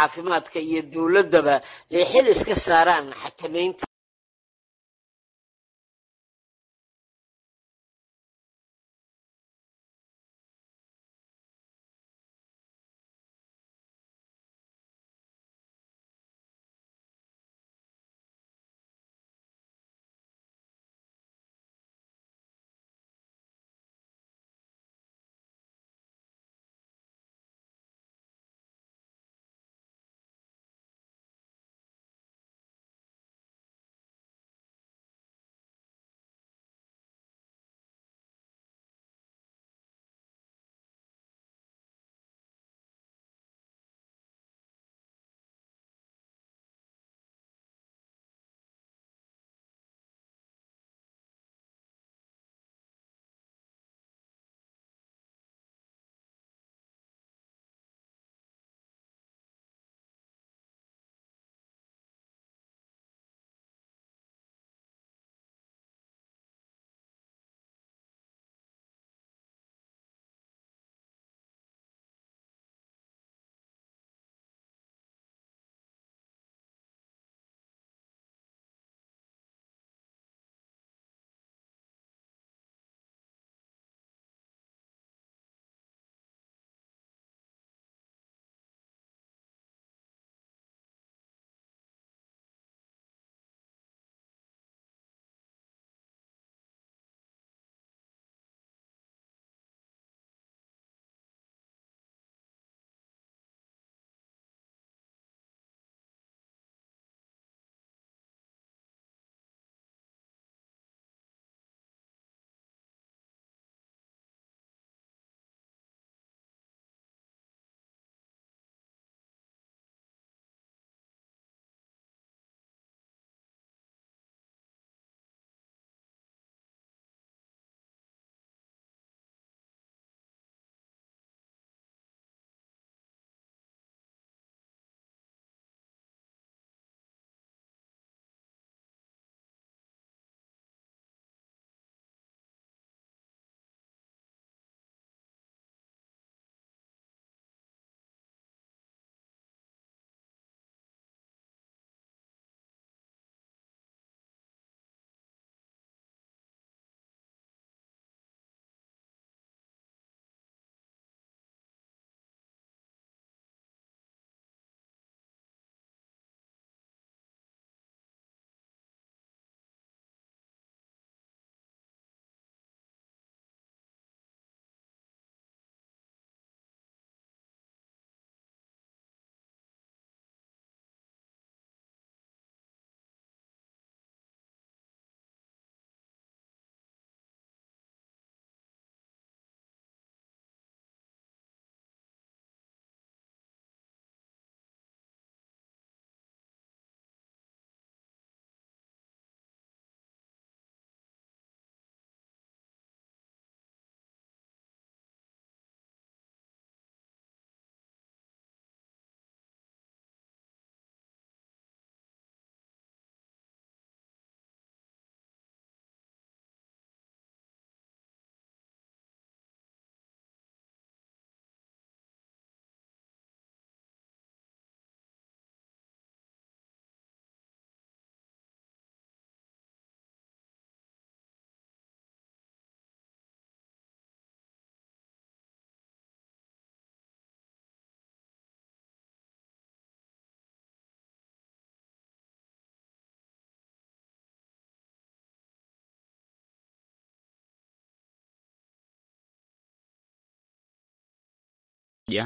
caafimaadka iyo dowladdaba ay xil iska saaraan xakamaynta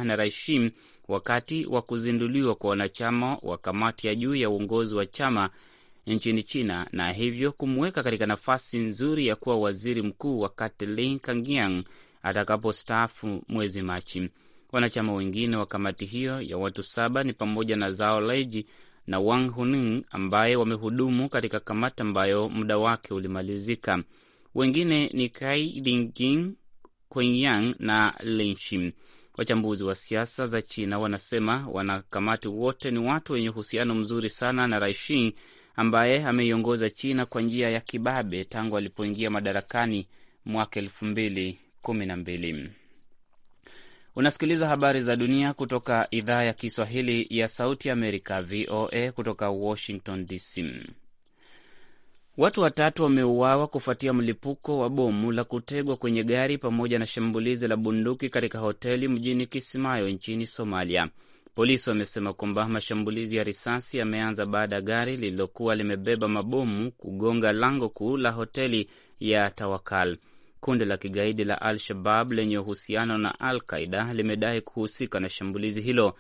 na Raishim wakati wa kuzinduliwa kwa wanachama wa kamati ya juu ya uongozi wa chama nchini China na hivyo kumweka katika nafasi nzuri ya kuwa waziri mkuu wakati Lin Kangiang atakapostaafu mwezi Machi. Wanachama wengine wa kamati hiyo ya watu saba ni pamoja na Zao Leji na Wang Huning ambaye wamehudumu katika kamati ambayo muda wake ulimalizika. Wengine ni Kai Lingjing, Quenyang na Linshim. Wachambuzi wa siasa za China wanasema wanakamati wote ni watu wenye uhusiano mzuri sana na Raisi ambaye ameiongoza China kwa njia ya kibabe tangu alipoingia madarakani mwaka elfu mbili kumi na mbili. Unasikiliza habari za dunia kutoka idhaa ya Kiswahili ya Sauti Amerika, VOA, kutoka Washington DC. Watu watatu wameuawa kufuatia mlipuko wa bomu la kutegwa kwenye gari pamoja na shambulizi la bunduki katika hoteli mjini kisimayo nchini Somalia. Polisi wamesema kwamba mashambulizi ya risasi yameanza baada ya gari lililokuwa limebeba mabomu kugonga lango kuu la hoteli ya Tawakal. Kundi la kigaidi la Al-Shabab lenye uhusiano na Al Qaida limedai kuhusika na shambulizi hilo.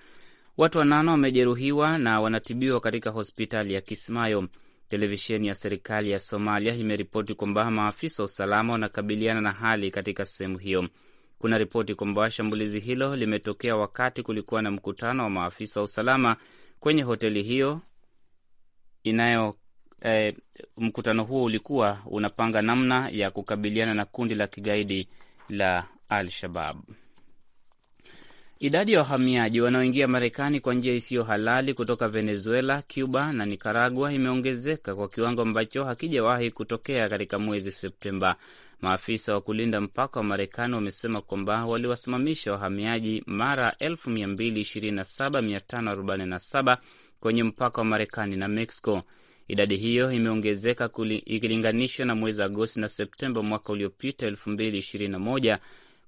Watu wanane wamejeruhiwa na wanatibiwa katika hospitali ya Kismayo. Televisheni ya serikali ya Somalia imeripoti kwamba maafisa wa usalama wanakabiliana na hali katika sehemu hiyo. Kuna ripoti kwamba shambulizi hilo limetokea wakati kulikuwa na mkutano wa maafisa wa usalama kwenye hoteli hiyo inayo eh, mkutano huo ulikuwa unapanga namna ya kukabiliana na kundi la kigaidi la Al-Shabab. Idadi ya wahamiaji wanaoingia Marekani kwa njia isiyo halali kutoka Venezuela, Cuba na Nikaragua imeongezeka kwa kiwango ambacho hakijawahi kutokea katika mwezi Septemba. Maafisa wa kulinda mpaka wa Marekani wamesema kwamba waliwasimamisha wahamiaji mara 227547 kwenye mpaka wa Marekani na Mexico. Idadi hiyo imeongezeka ikilinganishwa na mwezi Agosti na Septemba mwaka uliopita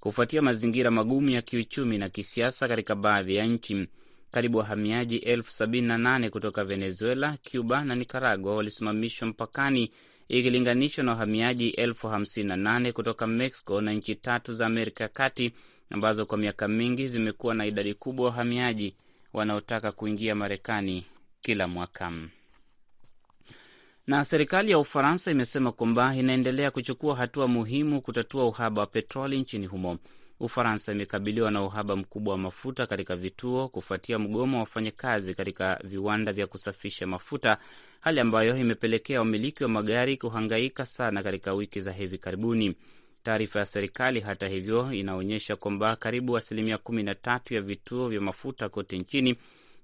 kufuatia mazingira magumu ya kiuchumi na kisiasa katika baadhi ya nchi. Karibu wahamiaji elfu sabini na nane kutoka Venezuela, Cuba na Nicaragua walisimamishwa mpakani ikilinganishwa na wahamiaji elfu hamsini na nane kutoka Mexico na nchi tatu za Amerika ya Kati ambazo kwa miaka mingi zimekuwa na idadi kubwa wahamiaji wanaotaka kuingia Marekani kila mwaka. Na serikali ya Ufaransa imesema kwamba inaendelea kuchukua hatua muhimu kutatua uhaba wa petroli nchini humo. Ufaransa imekabiliwa na uhaba mkubwa wa mafuta katika vituo kufuatia mgomo wa wafanyakazi katika viwanda vya kusafisha mafuta, hali ambayo imepelekea wamiliki wa magari kuhangaika sana katika wiki za hivi karibuni. Taarifa ya serikali, hata hivyo, inaonyesha kwamba karibu asilimia kumi na tatu ya vituo vya mafuta kote nchini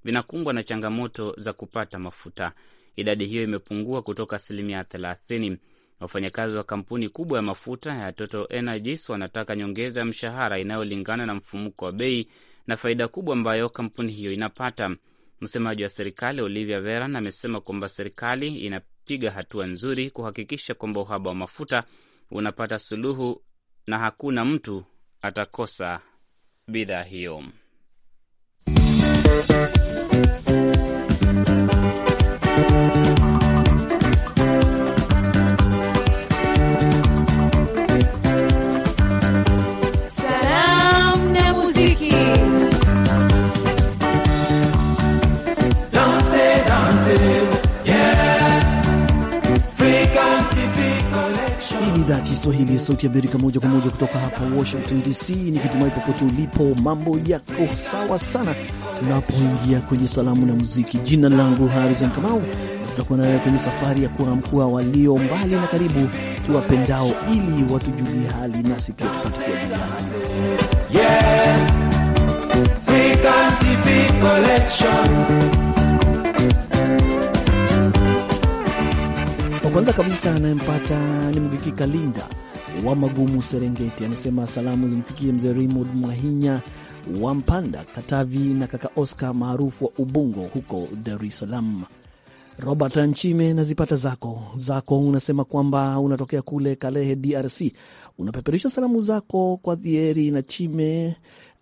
vinakumbwa na changamoto za kupata mafuta idadi hiyo imepungua kutoka asilimia 30. Wafanyakazi wa kampuni kubwa ya mafuta ya Total Energies wanataka nyongeza ya mshahara inayolingana na mfumuko wa bei na faida kubwa ambayo kampuni hiyo inapata. Msemaji wa serikali Olivia Veran amesema kwamba serikali inapiga hatua nzuri kuhakikisha kwamba uhaba wa mafuta unapata suluhu na hakuna mtu atakosa bidhaa hiyo. Kiswahili ya Sauti Amerika moja kwa moja kutoka hapa Washington DC, nikitumai popote ulipo mambo yako sawa sana, tunapoingia kwenye salamu na muziki. Jina langu Harrison Kamau, tutakuwa nawe kwenye safari ya kuamkua walio mbali na karibu, tuwapendao, ili watujulie hali nasi pia tupate kuwajulia hali yeah. Kwanza kabisa anayempata ni Mgiki Kalinga wa Magumu, Serengeti. Anasema salamu zimfikie mzee Rimod Mwahinya wa Mpanda, Katavi, na kaka Oscar maarufu wa Ubungo huko Dar es Salaam. Robert Anchime, nazipata zako zako, unasema kwamba unatokea kule Kalehe, DRC. Unapeperusha salamu zako kwa Dhieri na Chime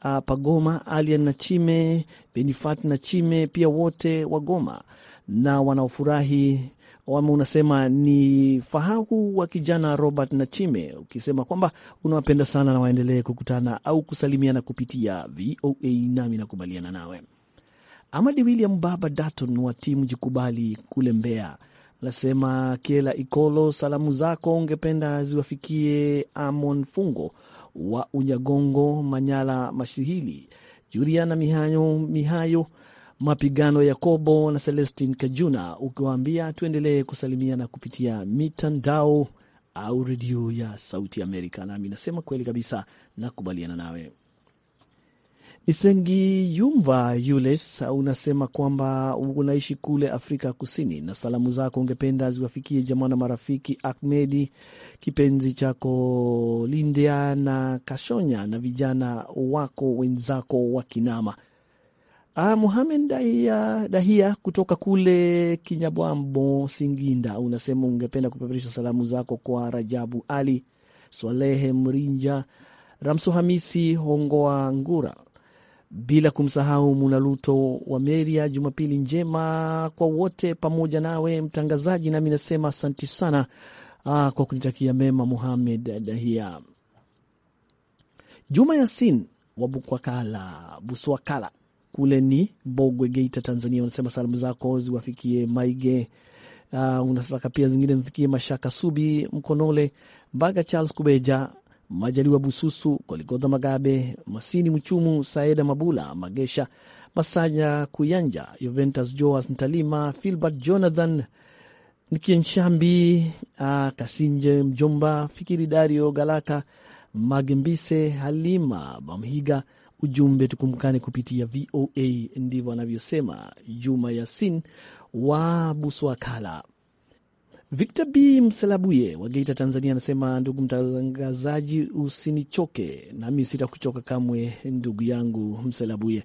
uh, Pagoma, Alian na Chime, Benifat na Chime, pia wote wa Goma na wanaofurahi ama unasema ni fahamu wa kijana Robert Nachime, ukisema kwamba unawapenda sana na waendelee kukutana au kusalimiana kupitia VOA, nami nakubaliana nawe. Amadi William Baba Daton wa timu Jikubali kule Mbeya nasema Kiela Ikolo, salamu zako ungependa ziwafikie Amon Fungo wa Unyagongo, Manyala, Mashihili, Juliana Mihayo, Mihayo mapigano ya kobo na Celestin Kajuna, ukiwaambia tuendelee kusalimiana kupitia mitandao au redio ya Sauti Amerika. Nami nasema kweli kabisa, nakubaliana nawe. Yumva Yules, unasema kwamba unaishi kule Afrika Kusini na salamu zako ungependa ziwafikie jamaa na marafiki Ahmedi, kipenzi chako Lindia na Kashonya na vijana wako wenzako wa Kinama. Ah, Muhamed Dahia, Dahia kutoka kule Kinyabwambo, Singinda, unasema ungependa kupeperisha salamu zako kwa Rajabu Ali Swalehe Mrinja, Ramso Hamisi Hongoa Ngura, bila kumsahau Munaluto wa Meria. Jumapili njema kwa wote pamoja nawe mtangazaji, nami nasema asanti sana ah, kwa kunitakia mema Muhamed Dahia. Juma Yasin wa Bukwakala Buswakala kule ni Bogwe, Geita, Tanzania. Unasema salamu zako ziwafikie Maige, uh, unataka pia zingine mfikie Mashaka Subi, Mkonole Mbaga, Charles Kubeja, Majaliwa Bususu, Koligodha Magabe, Masini Mchumu, Saeda Mabula, Magesha Masanya Kuyanja, Juventus Joas Ntalima, Filbert Jonathan Nikienshambi, uh, Kasinje Mjomba, Fikiri Dario Galaka, Magembise, Halima Bamhiga ujumbe tukumkane kupitia VOA. Ndivyo anavyosema Juma Yasin wa Buswakala. Victor B Msalabuye wa Geita, Tanzania, anasema ndugu mtangazaji, usinichoke nami sitakuchoka kamwe. Ndugu yangu Mselabuye,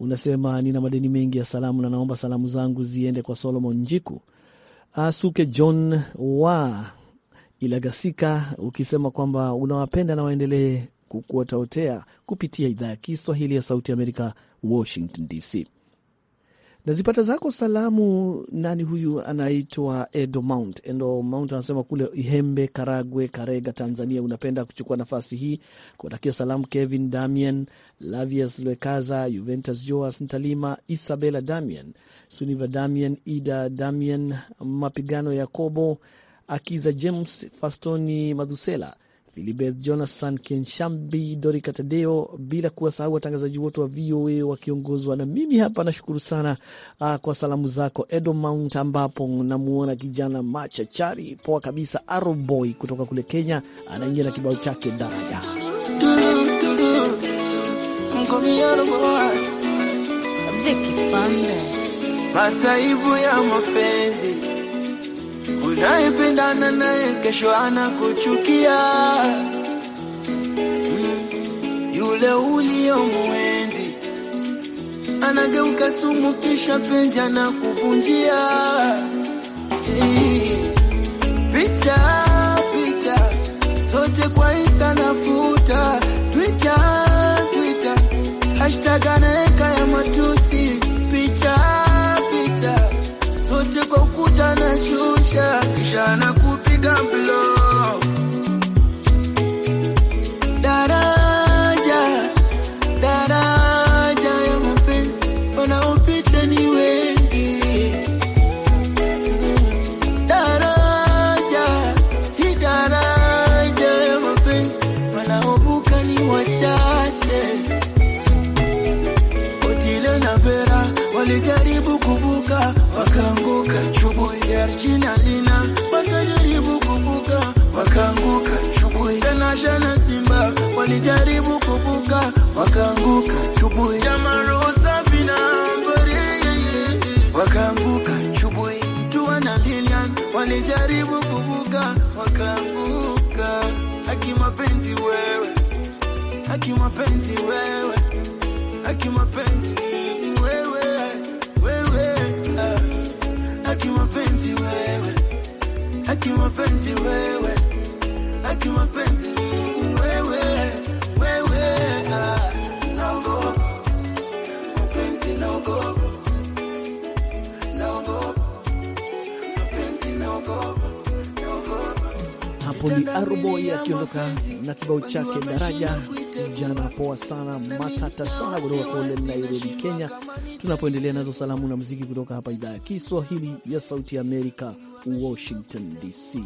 unasema nina madeni mengi ya salamu na naomba salamu zangu ziende kwa Solomon Njiku Asuke John wa Ilagasika, ukisema kwamba unawapenda na waendelee kuku wataotea kupitia idhaa ya Kiswahili ya Sauti Amerika, Washington DC. Na zipata zako salamu. Nani huyu? Anaitwa Edo Mount. Edo Mount anasema kule Ihembe, Karagwe, Karega, Tanzania. Unapenda kuchukua nafasi hii kuwatakia salamu Kevin Damian, Lavius Lwekaza, Juventus Joas Ntalima, Isabela Damian, Suniva Damian, Ida Damian, Mapigano Yakobo, Akiza James, Fastoni Madhusela, Filibeth Jonathan, Kenshambi, Dorika Tadeo, bila kuwasahau watangazaji wote wa VOA wakiongozwa na mimi hapa. Nashukuru sana uh, kwa salamu zako Edo Mount, ambapo namuona kijana machachari poa kabisa, Aroboy kutoka kule Kenya, anaingia na kibao chake daraja masaibu ya mapenzi naipendana naye kesho anakuchukia, yule uliyomwenzi anageuka sumu, kisha penzi anakuvunjia. Hey, picha walijaribu kuvuka wakaanguka, chubu ya jina lina wakajaribu kuvuka wakaanguka, chubu ya Nasha na Simba walijaribu kuvuka wakaanguka, chubu ya Maro Safi na Ambari wakaanguka, chumbo tuwa na Lilian walijaribu kuvuka wakaanguka. Haki mapenzi wewe, haki mapenzi wewe, haki mapenzi wewe. Ah, mapenzi wewe, haki mapenzi wewe, haki mapenzi wewe, hapo ni Arboy akiondoka na kibao chake daraja vijana poa sana, matata sana, kutoka kule Nairobi, Kenya, tunapoendelea nazo salamu na muziki kutoka hapa idhaa ya Kiswahili ya Sauti ya Amerika, Washington DC.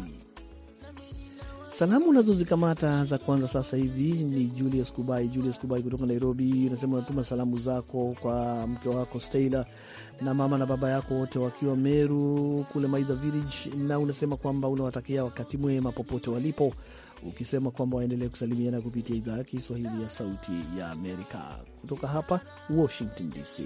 Salamu nazo zikamata za kwanza sasa hivi ni Julius Kubai. Julius Kubai kutoka Nairobi, unasema unatuma salamu zako kwa mke wako Steila na mama na baba yako wote wakiwa Meru kule Maidha Village, na unasema kwamba unawatakia wakati mwema popote walipo ukisema kwamba waendelee kusalimiana kupitia idhaa ya Kiswahili ya Sauti ya Amerika kutoka hapa Washington DC.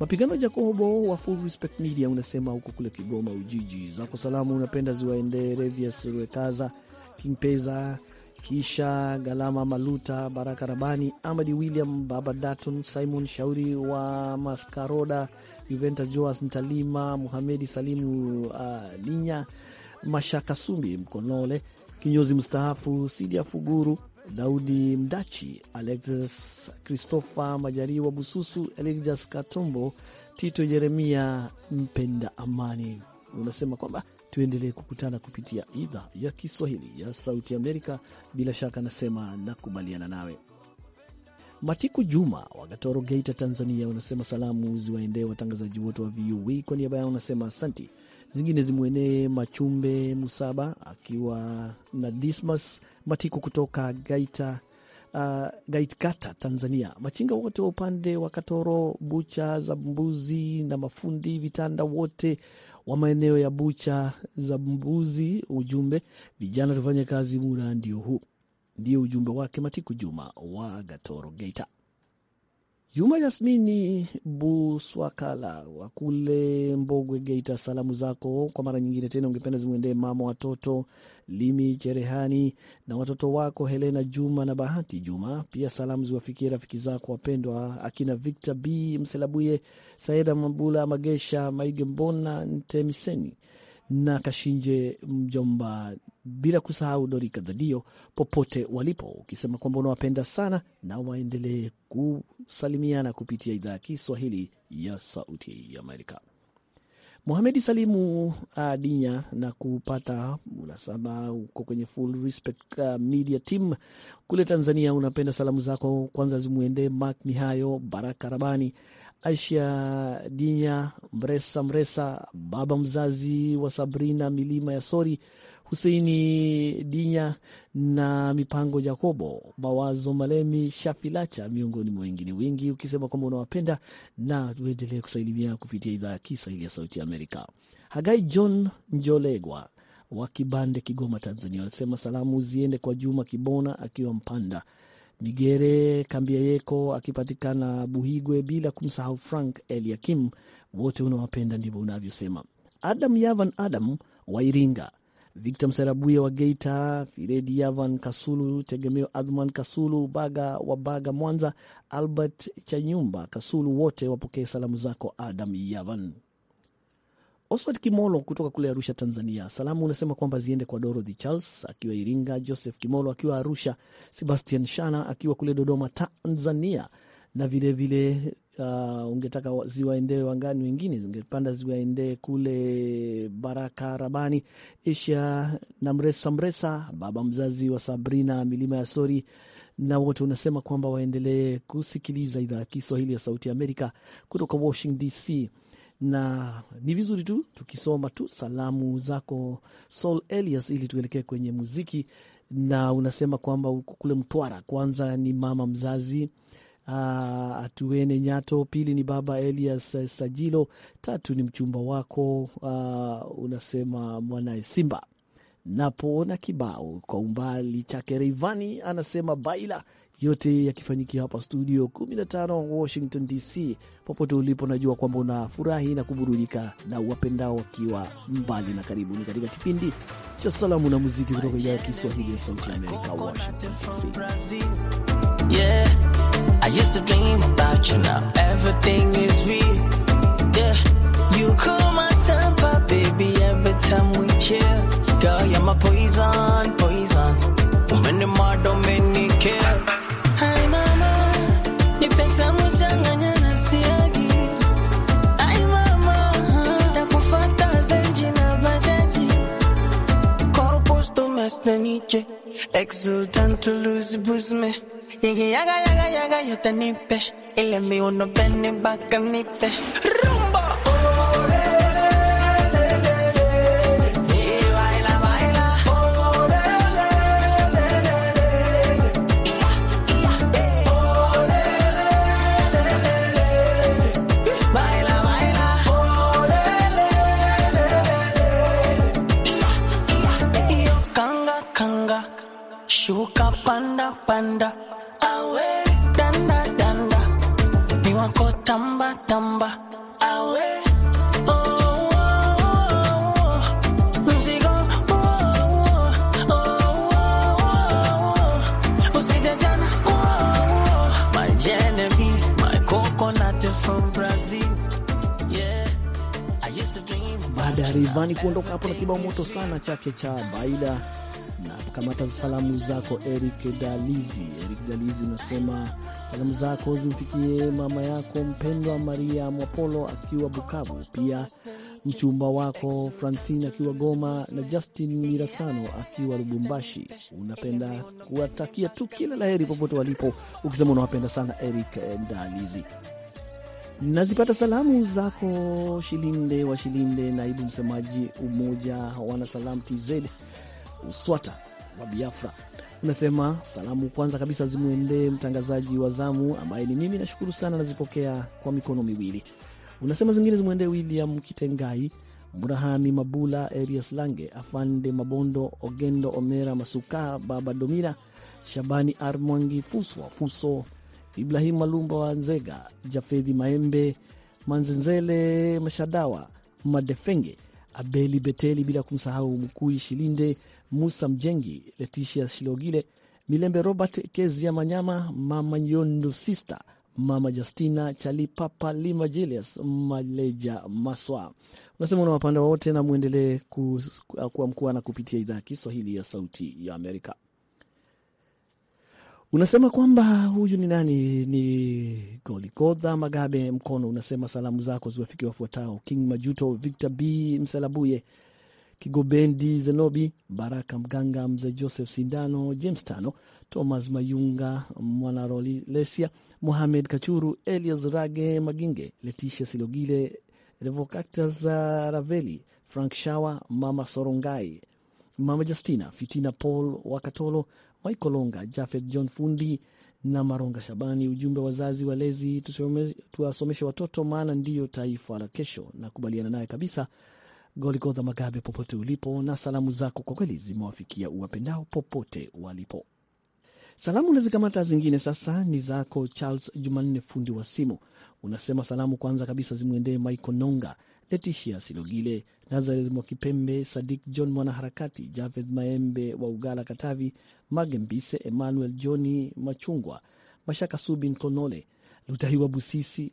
Mapigano Jacobo wa Full Respect Media unasema huko kule Kigoma Ujiji, zako salamu unapenda ziwaenderevyas Rwekaza Kimpeza, kisha Galama Maluta, Baraka Rabani, Amadi William, Baba Datun, Simon Shauri wa Maskaroda, Juventa Joas Ntalima, Muhamedi Salimu uh, Linya, Mashaka Sumbi Mkonole, kinyozi mstaafu Sidia Fuguru, Daudi Mdachi, Alexis Christopher Majariwa Bususu, Elias Katombo, Tito Jeremia Mpenda Amani. Unasema kwamba tuendelee kukutana kupitia idhaa ya Kiswahili ya Sauti Amerika. Bila shaka nasema nakubaliana nawe. Matiku Juma wa Gatoro, Geita, Tanzania, unasema salamu ziwaendee watangazaji wote wa VOA. E. Kwa niaba yao unasema asanti zingine zimwenee Machumbe Musaba akiwa na Dismas Matiko kutoka Gaita Uh, Gaitkata Tanzania. Machinga wote wa upande wa Katoro, bucha za mbuzi na mafundi vitanda wote wa maeneo ya bucha za mbuzi. Ujumbe vijana tufanye kazi, muda ndio huu, ndio ujumbe wake Matiku Juma wa Gatoro Geita. Juma yasmini Buswakala wa kule Mbogwe, Geita, salamu zako kwa mara nyingine tena ungependa zimwendee mama watoto Limi Cherehani na watoto wako Helena Juma na Bahati Juma. Pia salamu ziwafikie rafiki zako wapendwa akina Victor B Mselabuye, Saida Mabula, Magesha Maige, Mbona Ntemiseni na Kashinje mjomba bila kusahau Dorika Dhadio popote walipo, ukisema kwamba unawapenda sana na waendelee kusalimiana kupitia idhaa ya Kiswahili ya Sauti ya Amerika. Muhamedi Salimu uh, Dinya na kupata unasema uko kwenye Full Respect uh, Media Team kule Tanzania. Unapenda salamu zako kwanza zimwendee Mak Mihayo, Baraka Rabani, Aisha Dinya, Mresa Mresa, baba mzazi wa Sabrina Milima ya Sori, Huseini Dinya na Mipango Jacobo, Mawazo Malemi, Shafilacha miongoni mwa wengine wengi, ukisema kwamba unawapenda na uendelee kusalimia kupitia idhaa ya Kiswahili ya Sauti ya Amerika. Hagai John Njolegwa wa Kibande, Kigoma, Tanzania, wanasema salamu ziende kwa Juma Kibona akiwa Mpanda, Migere Kambia Yeko akipatikana Buhigwe, bila kumsahau Frank Eliakim. Wote unawapenda ndivyo unavyosema. Adam Yavan Adam wa Iringa Victor Mserabuye wa Geita, Firedi Yavan Kasulu, Tegemeo Adhman Kasulu, Baga wa Baga Mwanza, Albert Chanyumba Kasulu, wote wapokee salamu zako Adam Yavan. Oswald Kimolo kutoka kule Arusha, Tanzania, salamu unasema kwamba ziende kwa Dorothy Charles akiwa Iringa, Joseph Kimolo akiwa Arusha, Sebastian Shana akiwa kule Dodoma, Tanzania, na vilevile vile, uh, ungetaka ziwaendee wangani wengine, ungepanda ziwaendee kule Baraka Rabani, Isha na Mresa Mresa, baba mzazi wa Sabrina Milima ya Sori, na wote unasema kwamba waendelee kusikiliza idhaa ya Kiswahili ya Sauti Amerika kutoka Washington DC na ni vizuri tu tukisoma tu salamu zako Sol Elias ili tuelekee kwenye muziki, na unasema kwamba uko kule Mtwara. Kwanza ni mama mzazi Uh, Atuene Nyato, pili ni baba Elias Sajilo, tatu ni mchumba wako uh, unasema mwanaye Simba napo na kibao kwa umbali chake Reivani anasema baila yote yakifanyikia hapa studio 15 Washington DC. Popote ulipo, najua kwamba unafurahi na kuburudika na wapendao wakiwa mbali na karibu. Ni katika kipindi cha salamu na muziki kutoka idhaa ya Kiswahili ya Sauti ya Amerika, Washington DC. I used to dream about you, now everything is real. Yeah, you cool my temper, baby, every time we chill. Girl, you're my poison, poison. Umene mwado umenikill. Hi mama, nikipesa mchanganya na siagi. Hi mama, nakufata zenji na bajaji. Corpus tu mesneniche, exultant tu lose buzme. Llegué, yaga, yaga, yaga, yo te nipe. El enemigo no viene vaca nipe. ¡Rumbo! Shuka panda panda wako tamba tamba awe Baada ya Rivani kuondoka hapo na kibao moto sana chake cha baida kamata salamu zako Eric Dalizi. Eric Dalizi unasema salamu zako zimfikie mama yako mpendwa Maria Mwapolo akiwa Bukavu, pia mchumba wako Francine akiwa Goma na Justin Mirasano akiwa Lubumbashi. Unapenda kuwatakia tu kila laheri popote walipo, ukisema unawapenda sana Eric Dalizi. Nazipata salamu zako Shilinde wa Shilinde, naibu msemaji Umoja salamu TZ Uswata wa Biafra. Unasema salamu kwanza kabisa zimwendee mtangazaji wa zamu ambaye ni mimi, nashukuru sana, nazipokea kwa mikono miwili. Unasema zingine zimwendee William Kitengai, Burahani Mabula, Elias Lange, Afande Mabondo, Ogendo Omera Masuka, Baba Domira, Shabani Armwangi, Fuso Fuso, Ibrahimu Malumba wa Nzega, Jafedhi Maembe, Manzenzele Mashadawa, Madefenge, Abeli Beteli, bila kumsahau Mkui Shilinde Musa Mjengi, Leticia Shilogile, Milembe Robert, Kezia Manyama, Mama Nyondo, Sister Mama Justina Chali, Papa Lima Julius Maleja Maswa. Unasema una wapanda wote na mwendelee kuwa mkuu mkuana kupitia idhaa ya Kiswahili ya Sauti ya Amerika. Unasema kwamba huyu ni nani? Ni Golikodha Magabe Mkono. Unasema salamu zako ziwafikia wafuatao: King Majuto, Victor B Msalabuye, Kigobendi Zenobi, Baraka Mganga, Mzee Joseph Sindano, James Tano, Thomas Mayunga, Mwanarolesia, muhamed Kachuru, Elias Rage Maginge, Letisha Silogile, Revocactus uh, Raveli, Frank Shawa, Mama Sorongai, Mama Justina Fitina, Paul Wakatolo, Maikolonga, Longa, Jafet John Fundi na Maronga Shabani. Ujumbe, wazazi walezi, tuwasomeshe watoto, maana ndiyo taifa la kesho. Nakubaliana naye kabisa. Goligodha Magabe popote ulipo, na salamu zako kwa kweli zimewafikia uwapendao popote walipo. Salamu nazikamata zingine sasa ni zako Charles Jumanne, fundi wa simu. Unasema salamu kwanza kabisa zimwendee Michael Nonga, Letishia Silogile, Nazareth Mwakipembe, Sadik John mwanaharakati, Javed Maembe wa Ugala Katavi, Magembise Emmanuel Johni Machungwa, Mashaka Subin Konole, Lutahiwa Busisi,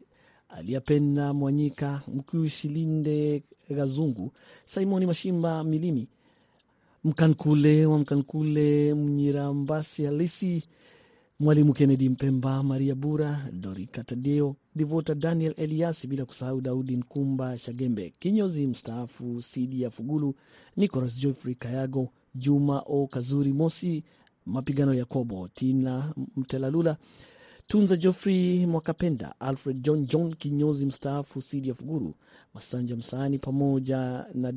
Aliapenda Mwanyika, Mkuu Shilinde Kagazungu, Simoni Mashimba Milimi, Mkankule wa Mkankule, Mnyirambasi Halisi, Mwalimu Kennedy Mpemba, Maria Bura, Dorika Tadeo, Divota Daniel elias bila kusahau Daudi Nkumba Shagembe, kinyozi mstaafu, Sidi ya Fugulu, Nicolas Geoffrey Kayago, Juma O Kazuri Mosi, Mapigano Yakobo, Tina Mtelalula, Tunza Geoffrey Mwakapenda, Alfred John John kinyozi mstaafu, Sidia Fuguru Masanja Msaani pamoja na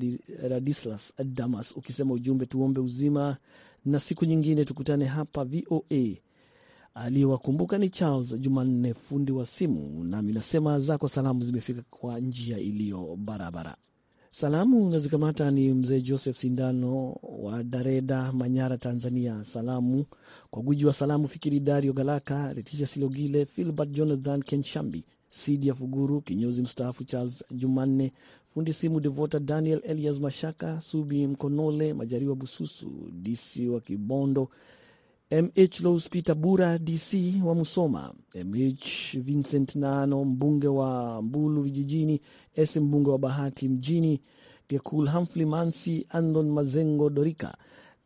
Radislas Damas, ukisema ujumbe tuombe uzima na siku nyingine tukutane hapa VOA. Aliyewakumbuka ni Charles Jumanne, fundi wa simu, nami nasema zako salamu zimefika kwa njia iliyo barabara. Salamu nazikamata ni mzee Joseph Sindano wa Dareda, Manyara, Tanzania. Salamu kwa guji wa salamu, Fikiri Dario Galaka, Retisha Silogile, Filbert Jonathan Kenshambi, Sidia Fuguru kinyozi mstaafu, Charles Jumanne fundi simu, Devota Daniel Elias Mashaka, Subi Mkonole, Majariwa Bususu, DC wa Kibondo, MH Los Peter Bura DC wa Musoma, MH Vincent Nano mbunge wa Mbulu vijijini, S mbunge wa Bahati mjini, Gekul Humphrey Mansi, Andon Mazengo Dorika,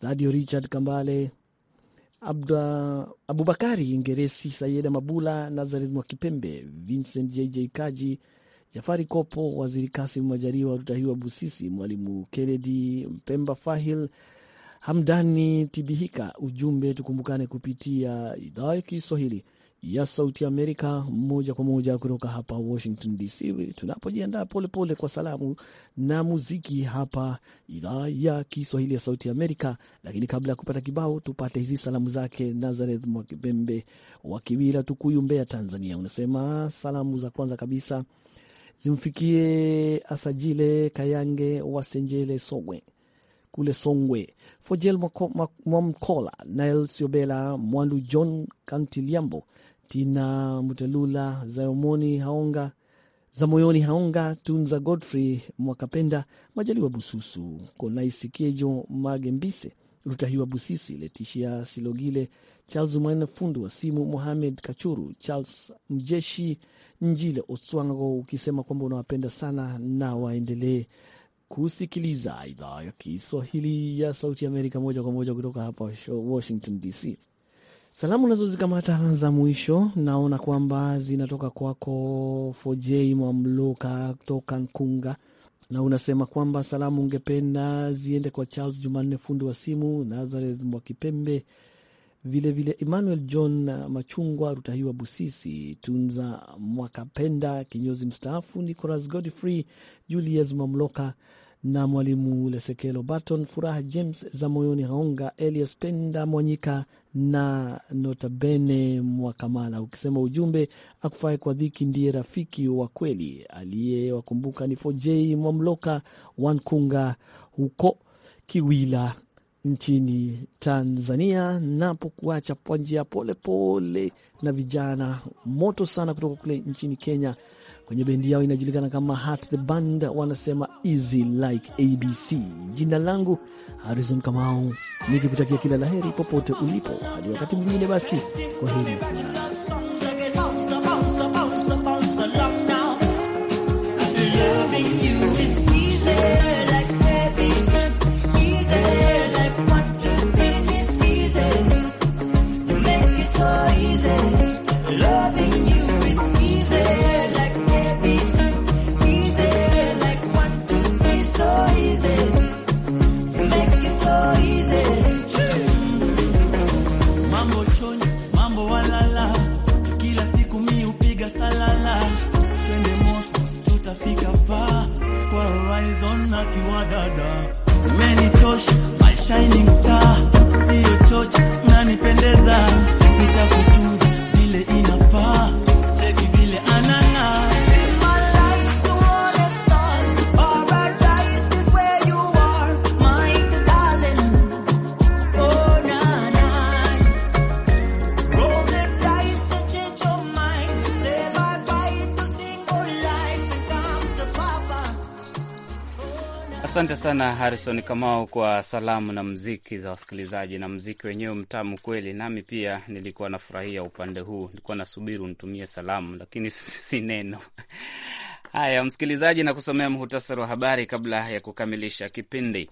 Thadio Richard Kambale, Abda, Abubakari Ngeresi, Sayeda Mabula, Nazareth Mwakipembe, Vincent JJ Kaji, Jafari Kopo, Waziri Kasim Majariwa, Rutahiwa Busisi, Mwalimu Kennedy Mpemba Fahil Hamdani Tibihika. Ujumbe tukumbukane kupitia idhaa ya Kiswahili ya Sauti Amerika, moja kwa moja kutoka hapa Washington DC, tunapojiandaa polepole kwa salamu na muziki hapa idhaa ya Kiswahili ya Sauti Amerika. Lakini kabla ya kupata kibao, tupate hizi salamu zake Nazareth Mwakipembe wa Kiwira, Tukuyu, Mbeya, Tanzania. Unasema salamu za kwanza kabisa zimfikie Asajile Kayange Wasenjele Sogwe kule Songwe. Fojel Mwamkola, Nael Siobela Mwandu, John Kantiliambo, Tina Mutelula, Zayomoni Haonga za moyoni Haonga Tunza, Godfrey Mwakapenda, Majaliwa Bususu, Konaisikejo Magembise, Rutahiwa Busisi, Letishia Silogile, Charles Mwana, fundi wa simu Mohamed Kachuru, Charles Mjeshi Njile Oswango, ukisema kwamba unawapenda sana na waendelee kusikiliza idhaa ya Kiswahili ya Sauti Amerika moja kwa moja kutoka hapa Washington DC. Salamu nazozikamata za mwisho naona kwamba zinatoka kwako Fojei Mwamloka toka Nkunga, na unasema kwamba salamu ungependa ziende kwa Charles Jumanne fundi wa simu, Nazareth Mwakipembe vilevile Emmanuel John Machungwa, Rutahiwa Busisi, Tunza Mwakapenda, kinyozi mstaafu, Nicolas Godfrey, Julius Mamloka na Mwalimu Lesekelo Barton, Furaha James za moyoni, Haonga Elias Penda Mwanyika na Notabene Mwakamala, ukisema ujumbe akufae kwa dhiki ndiye rafiki wa kweli. Aliyewakumbuka ni Foj Mwamloka Wankunga huko Kiwila, nchini Tanzania, napo kuacha kwa njia polepole na vijana moto sana kutoka kule nchini Kenya kwenye bendi yao inajulikana kama Heart the Band, wanasema easy like ABC. Jina langu Harrison Kamau, nikikutakia kila laheri popote ulipo. Hadi wakati mwingine, basi kwa heri. Asante sana Harrison Kamau kwa salamu na mziki za wasikilizaji, na mziki wenyewe mtamu kweli. Nami pia nilikuwa nafurahia upande huu, nilikuwa nasubiri unitumie salamu, lakini si neno. Haya, msikilizaji, na kusomea muhutasari wa habari kabla ya kukamilisha kipindi.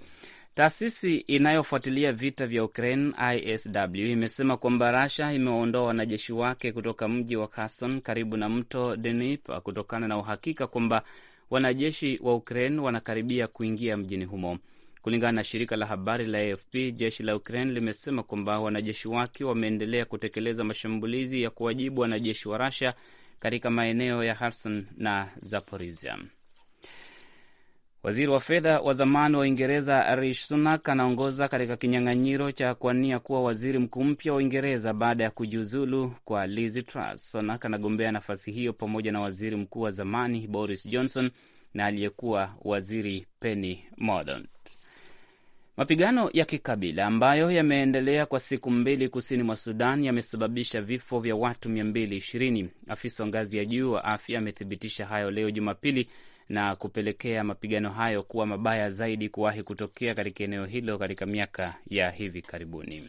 Taasisi inayofuatilia vita vya Ukraine, ISW, imesema kwamba Rasha imewaondoa wanajeshi wake kutoka mji wa Kherson karibu na mto Dnipro kutokana na uhakika kwamba wanajeshi wa Ukraine wanakaribia kuingia mjini humo. Kulingana na shirika la habari la AFP, jeshi la Ukraine limesema kwamba wanajeshi wake wameendelea kutekeleza mashambulizi ya kuwajibu wanajeshi wa rusia katika maeneo ya Kherson na Zaporizhia. Waziri wa fedha wa zamani wa Uingereza Rishi Sunak anaongoza katika kinyang'anyiro cha kuania kuwa waziri mkuu mpya wa Uingereza baada ya kujiuzulu kwa Liz Truss. Sunak anagombea nafasi hiyo pamoja na waziri mkuu wa zamani Boris Johnson na aliyekuwa waziri Penny Mordaunt. Mapigano ya kikabila ambayo yameendelea kwa siku mbili kusini mwa Sudan yamesababisha vifo vya watu 220. Afisa wa ngazi ya juu wa afya amethibitisha hayo leo Jumapili na kupelekea mapigano hayo kuwa mabaya zaidi kuwahi kutokea katika eneo hilo katika miaka ya hivi karibuni.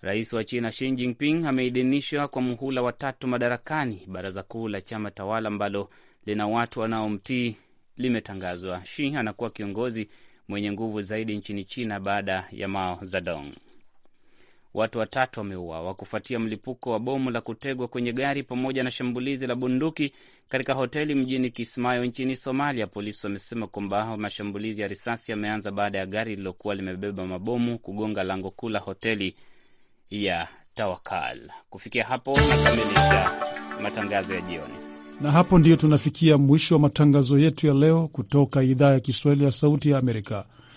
Rais wa China Xi Jinping ameidhinishwa kwa muhula wa tatu madarakani. Baraza kuu la chama tawala ambalo lina watu wanaomtii limetangazwa. Xi anakuwa kiongozi mwenye nguvu zaidi nchini China baada ya Mao Zedong watu watatu wameuawa kufuatia mlipuko wa bomu la kutegwa kwenye gari pamoja na shambulizi la bunduki katika hoteli mjini Kismayo nchini Somalia. Polisi wamesema kwamba mashambulizi ya risasi yameanza baada ya gari lililokuwa limebeba mabomu kugonga lango kuu la hoteli ya Tawakal. Kufikia hapo nakamilisha matangazo ya jioni, na hapo ndiyo tunafikia mwisho wa matangazo yetu ya leo kutoka idhaa ya Kiswahili ya Sauti ya Amerika.